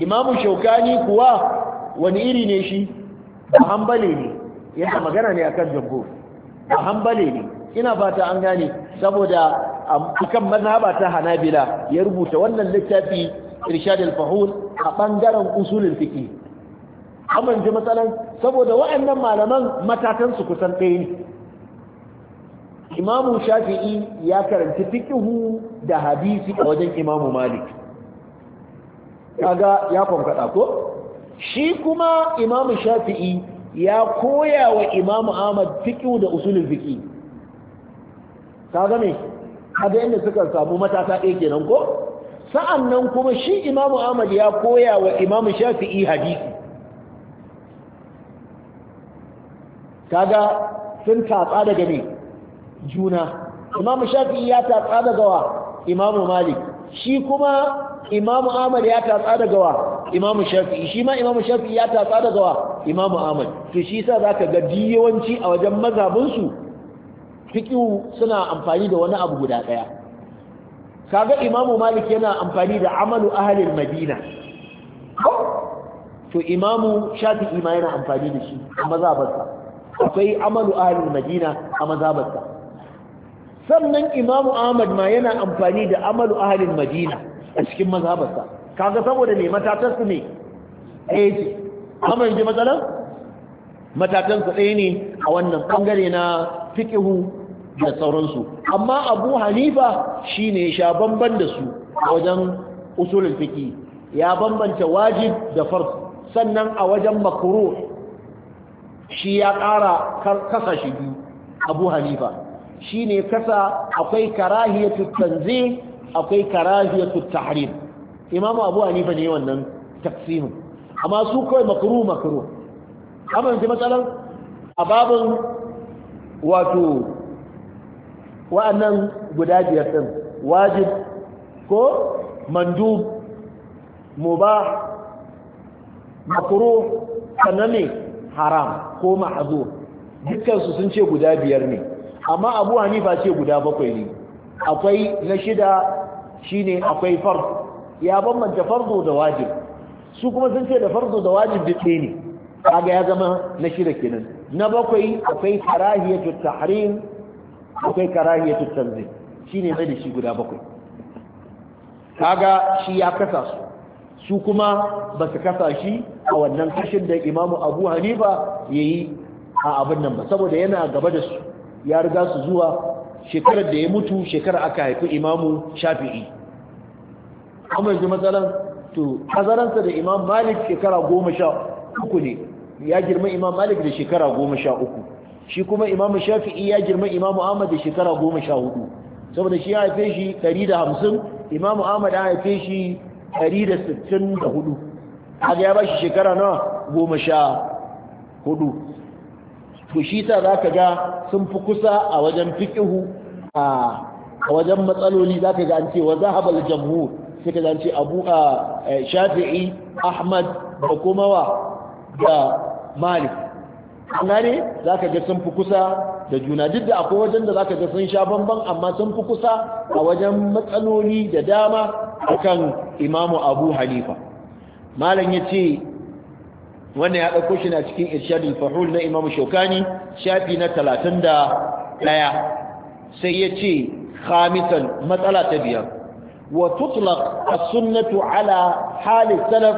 imamu shaukani kuwa wani iri ne shi A hambale ne yana magana ne akan jamhur A hambale ne ina fata an gane saboda um, kan mazhaba ta hanabila ya rubuta wannan littafi irshad al-fahul a bangaren usulul fiqi amma ji matsalan saboda waɗannan malaman matakan su kusan ɗaya ne imamu shafi'i ya karanci fiqhu da hadisi a wajen imamu malik kaga ya kwankada ko shi kuma imamu shafi'i ya koya wa imamu ahmad fiqhu da usulul fiqh kaga ne kaga inda suka samu matasa ɗaya kenan ko sa'an nan kuma shi imamu ahmad ya koya wa imamu shafi'i hadisi kaga sun tatsa daga ne juna imamu shafi'i ya tatsa daga wa imamu malik shi kuma imamu ahmad ya tatsa daga wa imamu shafi'i shi ma imamu shafi'i ya tatsa daga wa imamu ahmad to shi sa za ka ga yawanci a wajen mazabinsu fiƙi suna amfani da wani abu guda ɗaya kaga imamu malik yana amfani da amalu ahalin madina to imamu shafi'i ma yana amfani da shi a mazabarsa akwai amalu ahalin madina a mazabarsa sannan imamu ahmad ma yana amfani da amalu ahalin madina a cikin mazabarsa kaga saboda ne matakansu ne ɗaya ce amma yanzu matsalar matakansu ɗaya ne a wannan ɓangare na fikihu da sauransu amma abu hanifa shi ne sha bamban da su wajen usulun fiki ya bambanta wajib da farz sannan a wajen makaro, shi ya ƙara kasa shi biyu abu hanifa shi ne kasa akwai karahiyatu tanzi akwai karahiyatu tahrir Imam'u abu hanifa ne wannan taksimin amma su kawai makruh makruh amma matsalar a babin wato wa'annan guda biyar din wajib ko mandub mubah makruh Kanani, haram ko ma'zur dukkan su sun ce guda biyar ne amma Abu Hanifa ce guda bakwai ne akwai na shida shine akwai farz ya bambanta fardu da wajib su kuma sun ce da fardu da wajib dukke ne kaga ya zama na shida kenan na bakwai akwai tarahiyatut tahrim akwai karahiyatu Shi ne mai da shi guda bakwai kaga shi ya kasa su su kuma ba su kasa shi a wannan kashin da imamu abu hanifa ya yi a abin nan ba saboda yana gaba da su ya riga su zuwa shekarar da ya mutu shekarar aka haifi imamu shafi'i kuma yanzu matsalan to hazaransa da imam malik shekara goma sha uku ne ya girma imam malik da shekara goma sha uku shi kuma imamu shafi'i ya girma imamu ahmad da shekara goma sha hudu saboda shi ya haife shi ɗari da hamsin imamu ahmad ya haife shi ɗari da sittin da hudu haka ya ba shi shekara na goma sha hudu to shi ta za ka ga sun fi kusa a wajen fiƙihu a wajen matsaloli za ka gance wa zahabal jamhu sai ka zance abu a shafi'i ahmad da kuma wa da malik amma ne za ka ga sun fi kusa da juna duk da akwai wajen da za ka ga sun sha bamban amma sun fi kusa a wajen matsaloli da dama akan imamu abu halifa. malam ya ce wannan ya ɗauko shi na cikin irshadin fahul na imamu shaukani shafi na talatin da ɗaya sai ya ce khamisan matsala ta biyar wa tutlaq as-sunnatu ala hali salaf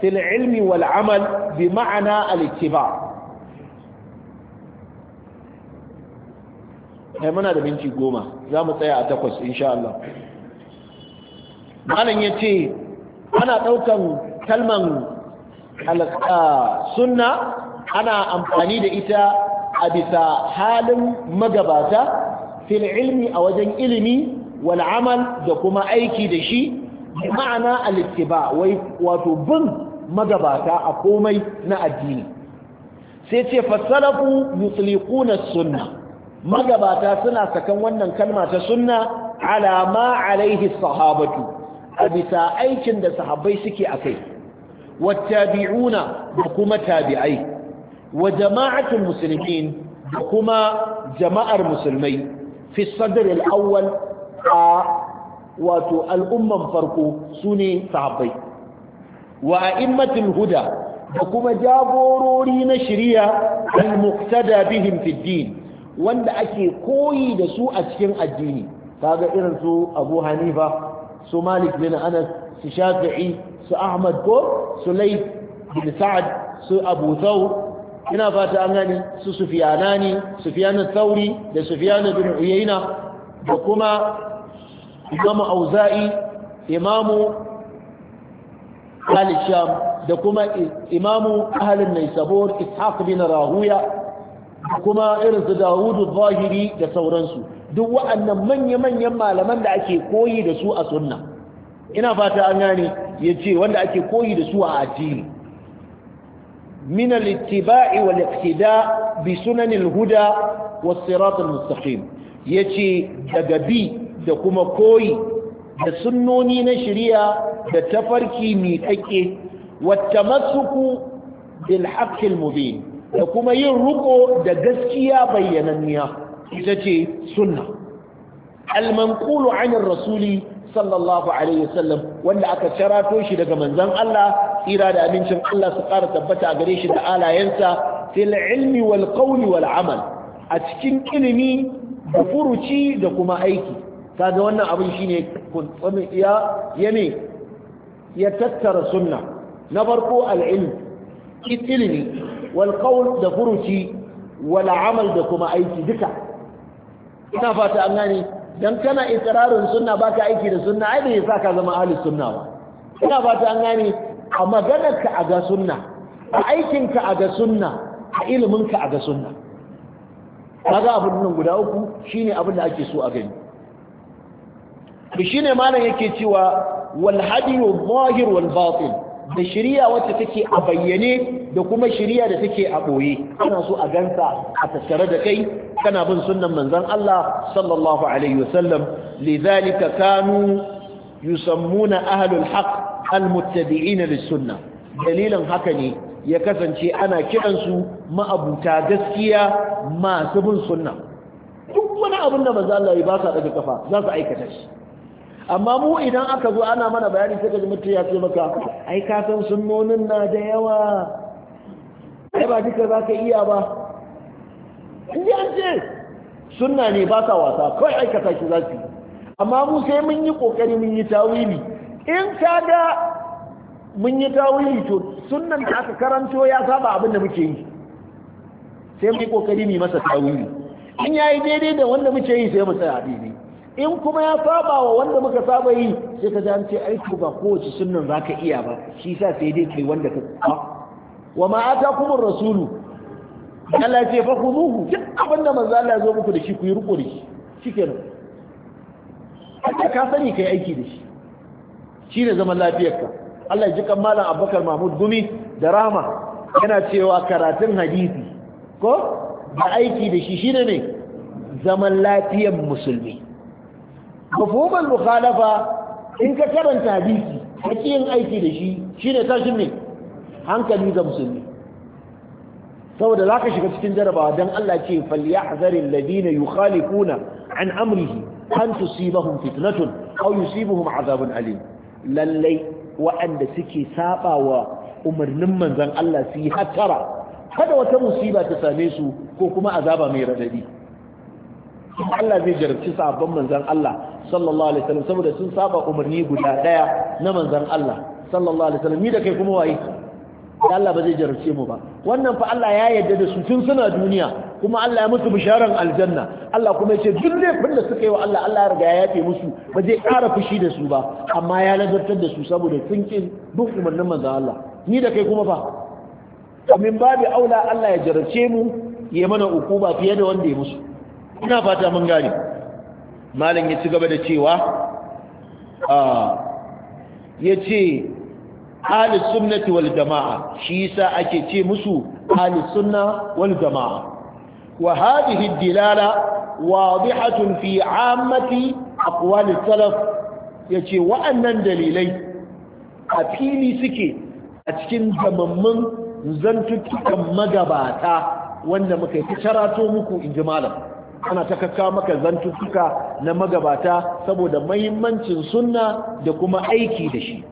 fil ilmi wal amal bi ma'ana al-ittiba' ai muna da minti goma za mu tsaya a takwas insha Allah malam ya ce ana ɗaukan kalman sunna ana amfani da ita a bisa halin magabata fil ilmi a wajen ilimi wal amal da kuma aiki da shi ma'ana alittiba wato bin magabata a komai na addini sai ce fasalafu yutliquna sunna magabata suna sakan wannan kalma ta sunna ala ma alaihi sahabatu a bisa aikin da sahabbai suke a kai wattabi'una da kuma tabi'ai wa jama'atul muslimin da kuma jama'ar musulmai fi sadr al-awwal a wato al'umman farko sune sahabbai wa a'immatul huda da kuma jagorori na shari'a al-muqtada bihim fi din wanda ake koyi da su a cikin addini kaga irin su Abu Hanifa su Malik bin Anas su Shafi'i su Ahmad ko su bin Sa'ad, su Abu ina fata an gani su Sufyanani Sufyan Thawri da Sufyan bin Uyayna da kuma Imam Auza'i Imamu Al-Sham da kuma Imamu Ahlul Naysabur Ishaq bin Rahuya kuma irin su Dawudu Zahiri da sauransu duk wa'annan manya-manyan malaman da ake koyi da su a sunna ina fata an gane ce wanda ake koyi da su a addini Minal al-ittiba'i wal iqtida bi sunanil huda was sirat al-mustaqim yace daga bi da kuma koyi da sunnoni na shari'a da tafarki mi kake wa tamassuku bil haqqil mubin da kuma yin ruko da gaskiya bayyananniya ita ce sunna almanqulu anir rasuli sallallahu alaihi wasallam wanda aka sharato shi daga manzon Allah tsira da amincin Allah su ƙara tabbata a gare shi da alayensa fil ilmi wal qawli wal amal a cikin ilimi da furuci da kuma aiki kaga wannan abin shine kun ya yane ya tattara sunna na farko al ilmi cikin ilimi wal qawl da furuci wal amal da kuma aiki duka ina fata an gane dan kana ikrarin sunna baka aiki da sunna ai bai sa ka zama ahli sunna ba ina fata an gane a maganarka a ga sunna a aikinka a ga sunna a iliminka a ga sunna kaga abun nan guda uku shine abin da ake so a gani shi ne malam yake cewa wal hadiyu zahir wal batin da shiriya wacce take a bayyane da kuma shirya da take a ɓoye ana so a gansa a tattare da kai kana bin sunan manzan Allah sallallahu alaihi wasallam lidhalika kanu yusammuna ahlul haqq almuttabi'ina lis dalilan haka ne ya kasance ana kiransu ma'abuta gaskiya masu bin sunna duk wani abin da manzo Allah ya ba sa daga kafa za su aikata shi amma mu idan aka zo ana mana bayani sai ji mutum ya ce maka ai ka san sunnonin na da yawa ai ba duka za ka iya ba in ji an ce sunna ne ba ka wasa kawai aikata shi za su amma mu sai mun yi kokari mun yi tawili in ka ga mun yi tawili to sunnan da aka karanto ya saba abin da muke yi sai mun yi kokari mu masa tawili in yayi daidai da wanda muke yi sai mu tsaya daidai in kuma ya saba wa wanda muka saba yi sai ka an ce aiko ba kowace sunnan zaka iya ba shi sa sai dai kai wanda ka saba wa ma atakum rasulu Allah ce fa zuhu. duk abinda manzo Allah ya zo muku da shi ku yi riko da shi shikenan Allah ka sani kai aiki da shi Shi ne zaman lafiyar ka. Allah ya ji kan malam Abubakar Mahmud Gumi da Rahma yana cewa karatun hadisi ko ba aiki da shi shine ne zaman lafiyar musulmi mafhumul mukhalafa in ka karanta hadisi kake yin aiki da shi shine tashin ne hankali ga musulmi saboda zaka shiga cikin jarabawa dan Allah ce falyahzaril ladina yukhalifuna an amrihi an tusibahum fitnatun aw yusibuhum azabun alim lallai waɗanda suke saba wa umarnin manzon Allah su yi hattara kada wata musiba ta same su ko kuma azaba mai radadi Allah zai jarabci sabon manzan Allah sallallahu alaihi wasallam saboda sun saba umarni guda daya na manzan Allah sallallahu alaihi wasallam ni da kai kuma waye Allah ba zai jarabce mu ba wannan fa Allah ya yarda da su tun suna duniya kuma Allah ya musu bisharan aljanna Allah kuma ya ce duk laifin da suka yi wa Allah Allah ya riga ya yafe musu ba zai ƙara fushi da su ba amma ya nazartar da su saboda sun ki duk umarnin manzan Allah ni da kai kuma fa min babi aula Allah ya jarabce mu ya mana ukuba fiye da wanda ya musu ina fata mun gane malam ya ci gaba da cewa ah, ya ce ahli sunnati wal jama'a shi yasa ake ce musu ahli sunna wal jama'a wa hadhihi dilala wadihatun fi ammati aqwal salaf yace wa'annan dalilai a fili suke a cikin gamammun zantuttukan magabata wanda muka yi karato muku inji malam ana ta kakka maka zantuttuka na magabata saboda mahimmancin sunna da kuma aiki da shi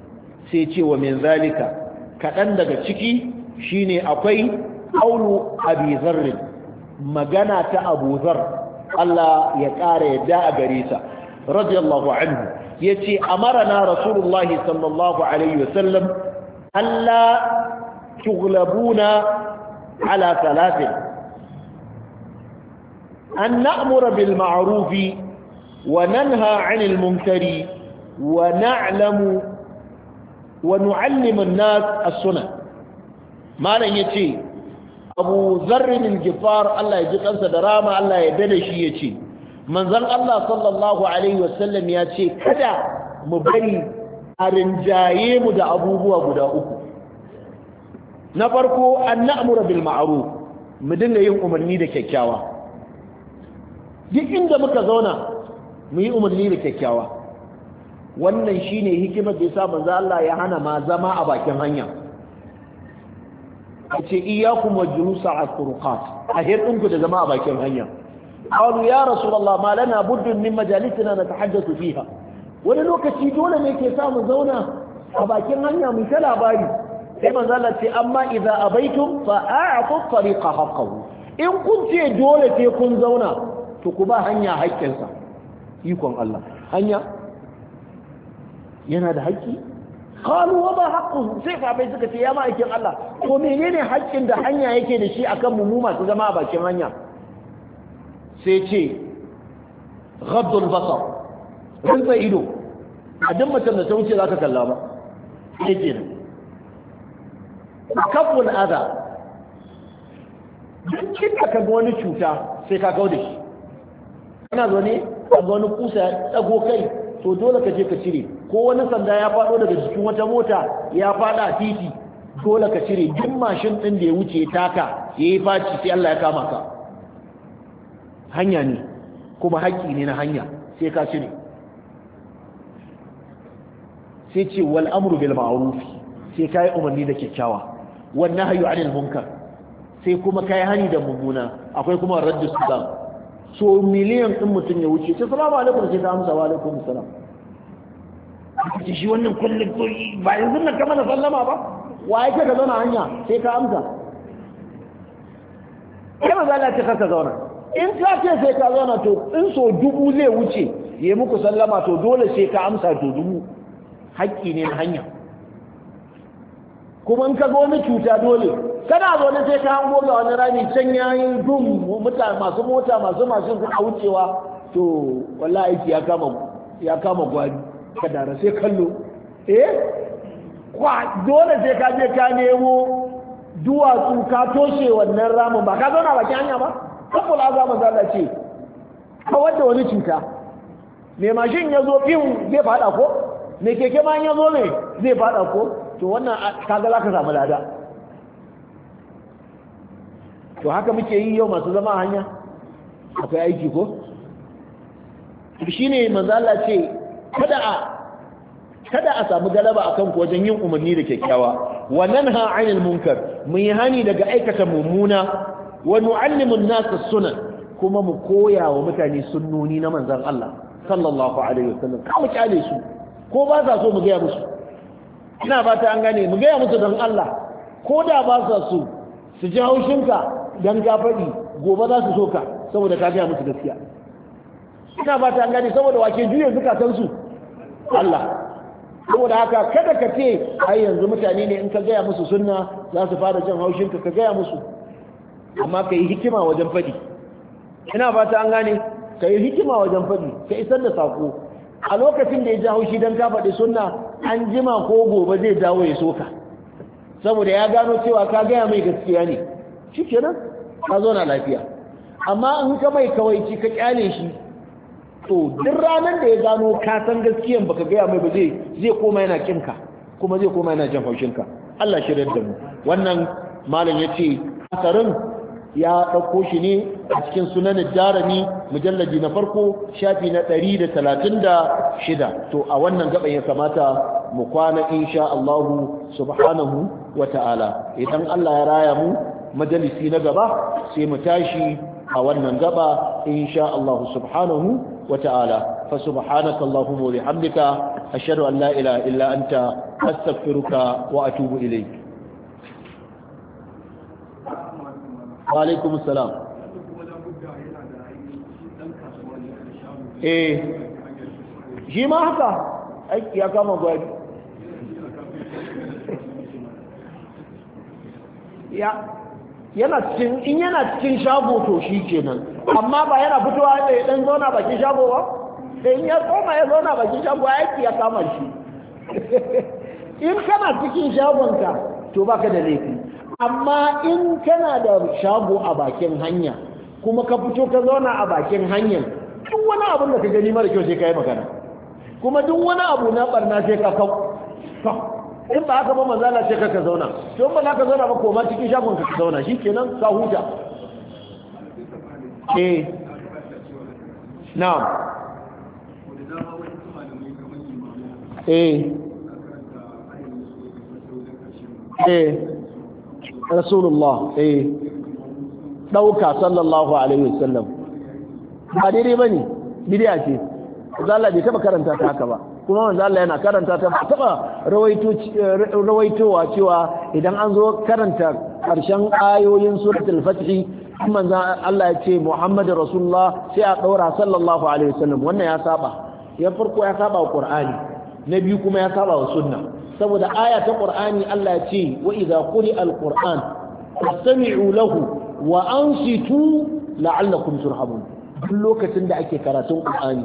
sai ce wa min zalika kaɗan daga ciki shine akwai aulu abi zarrin magana ta abu zar Allah ya ƙara yadda a gare sa radiyallahu anhu yace amarana rasulullahi sallallahu alaihi wasallam Allah tughlabuna ala thalathin an na'mura bil ma'rufi wa nanha 'anil munkari wa na'lamu wa nu'allimu an-nas as-sunnah malan yace Abu Zarr bin Gifar Allah ya ji kansa da rama Allah ya dade shi yace manzon Allah sallallahu alaihi wasallam yace kada mu bari arinjaye mu da abubuwa guda uku na farko an na'mura bil ma'ruf mu dinga yin umarni da kyakkyawa duk inda muka zauna mu yi umarni da kyakkyawa wannan shine hikimar da yasa manzo Allah ya hana ma zama a bakin hanya yace ce wajlusa al-turqat a hirdin ku da zama a bakin hanya qalu ya rasulullah ma lana buddun min majalisina natahaddathu fiha wani lokaci dole ne ke sa mu zauna a bakin hanya mu ta labari sai manzo Allah ce amma idza abaitum fa a'tu tariqa haqqahu in kun ce dole sai kun zauna to ku ba hanya haƙƙinsa ikon Allah hanya yana da haƙƙi qalu wa ba haƙƙin sai kafai suka ce ya ma ma'aikin Allah ko menene haƙƙin da hanya yake da shi akan mu masu zama a bakin hanya sai ce ghaddul basar rinsa ido a duk mutum da ta wuce za ka kalla ba sai kenan kafin adha duk da ka ga wani cuta sai ka kauda shi kana zaune a ga wani kusa ya tsago kai to dole ka je ka cire ko wani sanda ya faɗo daga cikin wata mota ya fada a titi dole ka cire duk mashin ɗin da ya wuce taka ya yi faci sai Allah ya kama ka hanya ne kuma haƙƙi ne na hanya sai ka cire sai ce wal amru bil ma'ruf sai kai umarni da kyakkyawa wannan hayu anil munkar sai kuma kai hani da mummuna akwai kuma raddu sudan so miliyan ɗin mutum ya wuce sai salamu alaikum sai ta amsa wa alaikum salam kace shi wannan kullum to ba yanzu nan ka mana sallama ba wa yake ka zauna hanya sai ka amsa kana zalla ce ka zauna in ka ce sai ka zauna to in so dubu zai wuce ya muku sallama to dole sai ka amsa to dubu haƙƙi ne na hanya kuma ka ga wani cuta dole kana zo ne sai ka hango ga wani rami can yayin dum mutane masu mota masu mashin suna wucewa to wallahi aiki ya kama ya kama gwari ka dara sai kallo eh kwa dole sai ka je ka nemo duwatsu ka toshe wannan ramin ba ka zauna bakin hanya ba kafin azza maza ce Ka wanda wani cuta mai mashin ya zo fim zai fada ko mai keke ma ya zo ne zai fada ko to wannan kaga za samu lada to haka muke yi yau masu zama hanya akwai aiki ko shi manzala ce kada a kada a samu galaba akan ku wajen yin umarni da kyakkyawa wa nanha 'anil munkar mu yi hani daga aikata mummuna wa nu'allimu an-nas sunan kuma mu koya wa mutane sunnoni na manzon Allah sallallahu alaihi wasallam ka mu kyale su ko ba za so mu ga musu ina ba ta an gane mu gaya musu don Allah ko da ba su su su ji haushinka don faɗi gobe za su so ka saboda ka gaya musu gaskiya ina ba ta an gane saboda wake juya su, Allah saboda haka kada ka ce ai yanzu mutane ne in ka gaya musu sunna za su fara jin haushinka ka gaya musu amma ka yi hikima wajen faɗi ina ba ta an gane ka yi hikima wajen faɗi ka isar da saƙo a lokacin da ya ji haushi don ka faɗi sunna an jima ko gobe zai dawo ya soka saboda ya gano cewa ka gaya mai gaskiya ne shi nan ka zo na lafiya amma in ka mai kawaici ka kyale shi to duk ranar da ya gano kasan san gaskiyan baka gaya mai ba zai koma yana kinka kuma zai koma yana jan haushinka Allah shirin da mu wannan malam ya ce asarin ya ɗauko shi ne a cikin sunanin darami mujallaji na farko shafi na ɗari da da shida. to a wannan gaban ya kamata mu kwana insha Allahu subhanahu wa ta'ala idan Allah ya raya mu majalisi na gaba sai mu tashi a wannan gaba insha Allahu subhanahu wa ta'ala fa subhanaka Allahumma wa bihamdika ashhadu an la ilaha illa anta astaghfiruka wa atubu ilayk wa alaikum salam eh shi ma haka aiki ya kama gwari ya yana cikin in yana cikin shago to shi kenan amma ba yana fitowa da ya dan zauna bakin shago ba da eh, in ya koma ya zauna bakin shago aiki ya kama shi in kana cikin shagonka to baka da laifi amma in kana da shago a bakin hanya kuma ka fito ka zauna a bakin hanyar duk wani abu da ka gani mara kyau sai ka yi magana kuma duk wani abu na barna sai ka kau in ba haka ba mazala sai ka ka zauna to ba za ka zauna ba koma cikin shagon ka zauna shi ka huta eh na'am eh eh rasulullah eh dauka sallallahu alaihi wasallam ba daidai bane bid'a ce zalla bai taba karanta ta haka ba kuma manzo Allah yana karanta ta ba taba rawaito eh, rawaitowa cewa idan an zo karanta karshen ayoyin suratul fath manzo Allah ya ce Muhammadur rasulullah sai a daura sallallahu alaihi wasallam wannan ya saba ya farko ya saba wa qur'ani na biyu kuma ya saba wa sunna saboda aya ta ƙur'ani Allah ce wa kuri quri alquran fastami'u lahu wa la'allakum turhamun duk lokacin da ake karatun qur'ani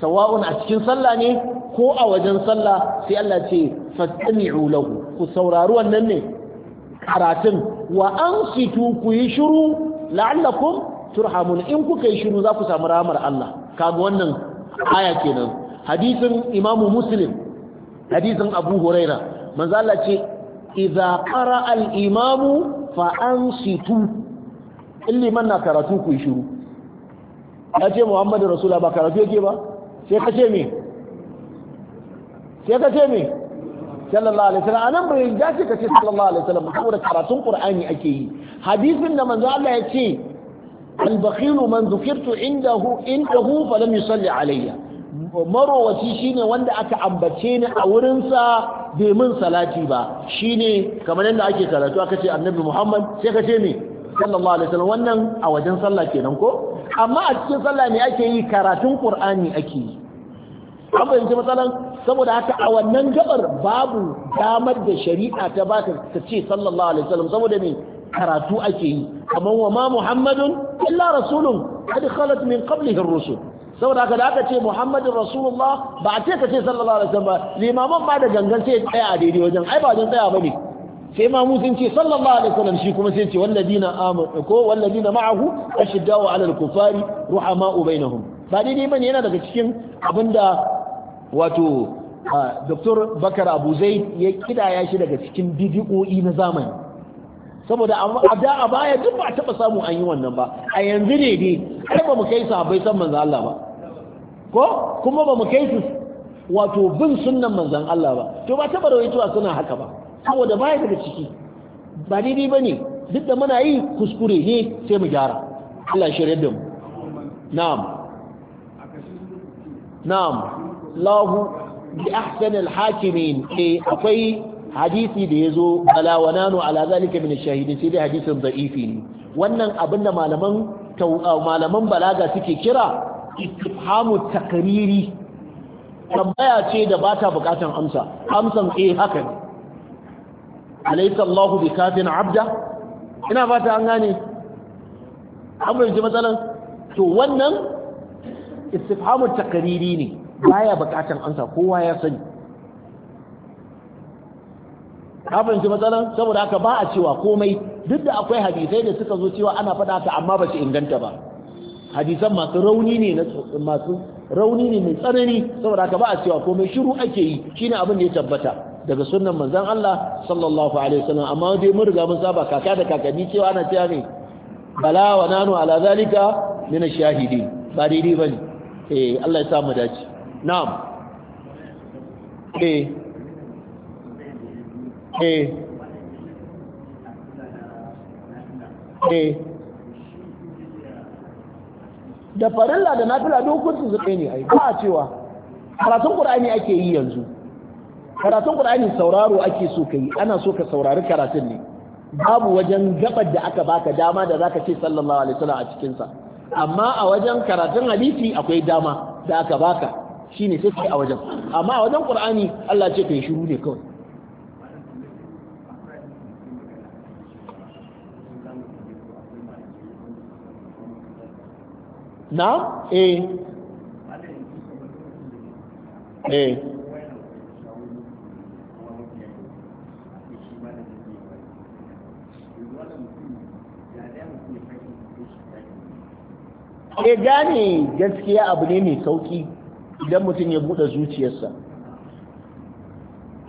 sawa'un a cikin sallah ne ko a wajen sallah sai Allah ce fastami'u lahu ku saurari wannan ne karatun wa ansitu ku yi shiru la'allakum turhamun in kuka yi shiru za ku samu ramar Allah kaga wannan aya kenan hadisin imamu muslim hadisin abu huraira Manzala ce idza qara Al'imamu imamu fa ansitu illiman na karatu ku shiru ya ce muhammadu rasula ba karatu yake ba sai ka ce me sai ka ce me sallallahu alaihi wasallam anan bai dace ka ce sallallahu alaihi wasallam saboda karatun qur'ani ake yi hadisin da manzo Allah ya ce al-bakhilu man dhukirtu indahu indahu falam yusalli alayya marowaci shine wanda aka ambace ni a wurinsa bai mun salati ba shine kamar yadda ake karatu aka ce annabi muhammad sai ka ce me sallallahu alaihi wasallam wannan a wajen sallah kenan ko amma a cikin sallah ne ake yi karatun qur'ani ake yi an fahimci matsalan saboda haka a wannan gabar babu damar da shari'a ta baka ta ce sallallahu alaihi wasallam saboda me karatu ake yi kamar wa ma muhammadun illa rasulun qad min qablihi ar-rusul saboda haka da aka ce muhammadin rasulullah ba a ce ka ce sallallahu alaihi wasallam limaman ba da gangan sai tsaya a daidai wajen ai ba don tsaya bane sai ma sun ce sallallahu alaihi wasallam shi kuma sai ce walladina amanu ko walladina ma'ahu ashiddau ala al-kufari ruhamau bainahum ba daidai bane yana daga cikin abinda wato Dr. Bakar Abu Zaid ya kidaya shi daga cikin bidi'o'i na zamani saboda a da a baya duk ba a taɓa samu an yi wannan ba a yanzu ne dai har ba mu kai sahabbai san manzo Allah ba ko kuma ba mu kai su wato bin sunnan manzan Allah ba to ba taɓa rawaitowa suna haka ba saboda baya daga ciki ba daidai ba ne duk da muna yi kuskure ne sai mu gyara Allah shirya da mu na'am na'am lahu bi ahsan al-hakimin eh akwai hadisi da yazo zo wa nanu ala zalika min ash-shahidin sai dai hadisin da'ifi ne wannan abinda malaman malaman balaga suke kira istifhamu takriri tambaya ce da ba ta bukatan amsa amsan eh haka ne alaysa Allahu bikafin abda ina fata an gane amma ji matsalan to wannan istifhamu takriri ne baya bukatan amsa kowa ya sani kafin ji matsalan saboda haka ba a cewa komai duk da akwai hadisai da suka zo cewa ana faɗa ta amma ba su inganta ba hadisan masu rauni ne na masu rauni ne mai tsanani saboda ka ba a cewa komai shiru ake yi shine abin da ya tabbata daga sunnan manzon Allah sallallahu alaihi wasallam amma dai mun riga mun saba kaka da kakanni cewa ana cewa ne bala wa nanu ala zalika min ashahidi shahidi ba daidai bane eh Allah ya sa mu dace na'am eh eh eh da farilla da nafila duk hukuncin su ɗaya ne ai ba a cewa karatun qur'ani ake yi yanzu karatun qur'ani sauraro ake so kai ana so ka saurari karatun ne babu wajen gabar da aka baka dama da zaka ce sallallahu alaihi wasallam a cikin sa amma a wajen karatun hadisi akwai dama da aka baka shine sai a wajen amma a wajen qur'ani Allah ce kai shiru ne kawai na eh e eh. ya eh, gane gaskiya abu ne mai sauki idan mutum ya buɗe zuciyarsa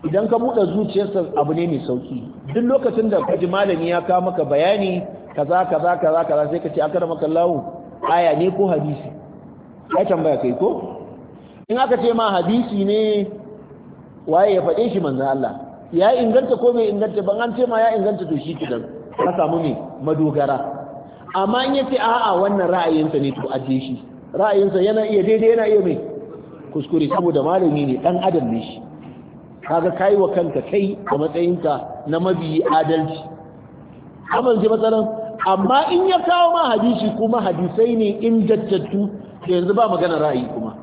idan ka buɗe zuciyarsa abu ne mai sauki duk lokacin da kaji malami ya kawo maka bayani kaza kaza kaza kaza sai ka ce aka maka lawo aya ne ko hadisi ya tambaya kai ko in aka ce ma hadisi ne waye ya faɗe shi manzan Allah ya inganta ko mai inganta ban an ce ma ya inganta to shi kidan ka samu ne madogara amma in yace a wannan ra'ayinsa ne to aje shi ra'ayinsa yana iya daidai yana iya mai kuskure saboda malami ne dan adam ne shi kaga kai wa kanka kai a matsayinka na mabiyi adalci amince matsalan amma in ya kawo ma hadisi kuma hadisai ne in ingantattu da yanzu ba magana ra'ayi kuma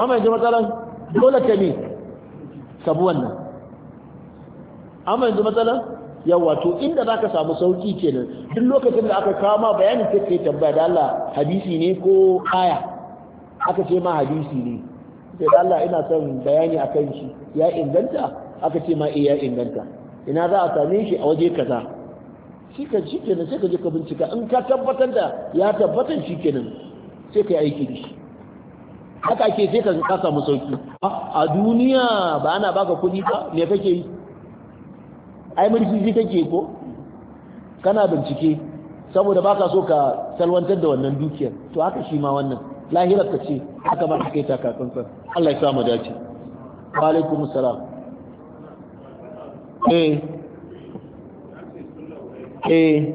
amma yanzu matsalan dole ka ne sabu wannan amma yanzu matsalan yau to inda za ka samu sauki kenan duk lokacin da aka kawo ma bayanin sai kai tambaya da Allah hadisi ne ko aya aka ce ma hadisi ne sai da Allah ina son bayani akan shi ya inganta aka ce ma iya eh, inganta ina za a same shi a waje kaza shi ka shi kenan sai ka je ka bincika in ka tabbatar da ya tabbatar shi kenan sai ka yi aiki da shi haka ake sai ka kasa sauki ah, a duniya ba ana baka kuɗi ba me kake yi ai mulki kake ko kana bincike saboda baka so ka salwantar da wannan dukiyar to haka shi ma wannan lahirar ka ce haka ba kai ta kakan san Allah ya sa mu dace wa alaikumus salam eh eh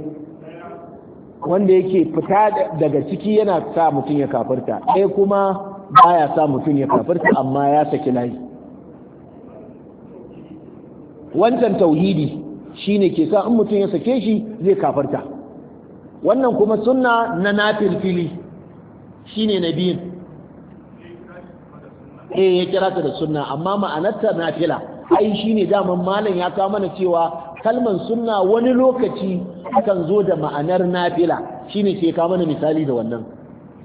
wanda yake fita daga ciki yana sa mutum ya kafirta ɗaya eh kuma baya sa mutum ya kafirta amma ya saki layi wancan tauhidi shine ke sa in mutum ya sake shi zai kafarta wannan kuma sunna na nafil fili shine na biyun eh ya kira ta da sunna amma ma'anarta nafila ai shine daman malam ya kawo mana cewa kalman sunna wani lokaci kan zo da ma'anar nafila shine ke ka mana misali da wannan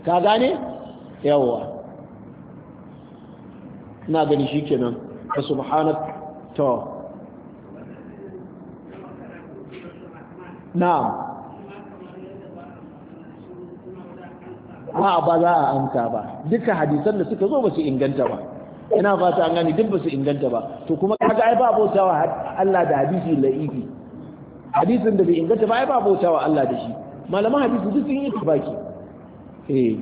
ka gane yawwa na gani shi kenan. subhanak to na'am ba ba za a amsa ba duka hadisan da suka zo ba su inganta ba ina fata an gani duk basu inganta ba to kuma kaga ai ba bautawa Allah da hadisi la'ibi hadisin da bai inganta ba ai ba bautawa Allah da shi malaman hadisi duk sun yi tafaki eh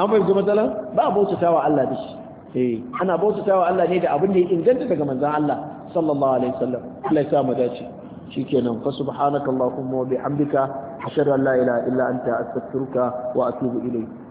an bai fahimci matsalar ba bautawa Allah da shi eh ana bautawa Allah ne da abin da ya inganta daga manzon Allah sallallahu alaihi wasallam Allah ya sa mu dace shikenan fa subhanakallahumma wa bihamdika ashhadu an la ilaha illa anta astaghfiruka wa atubu ilayk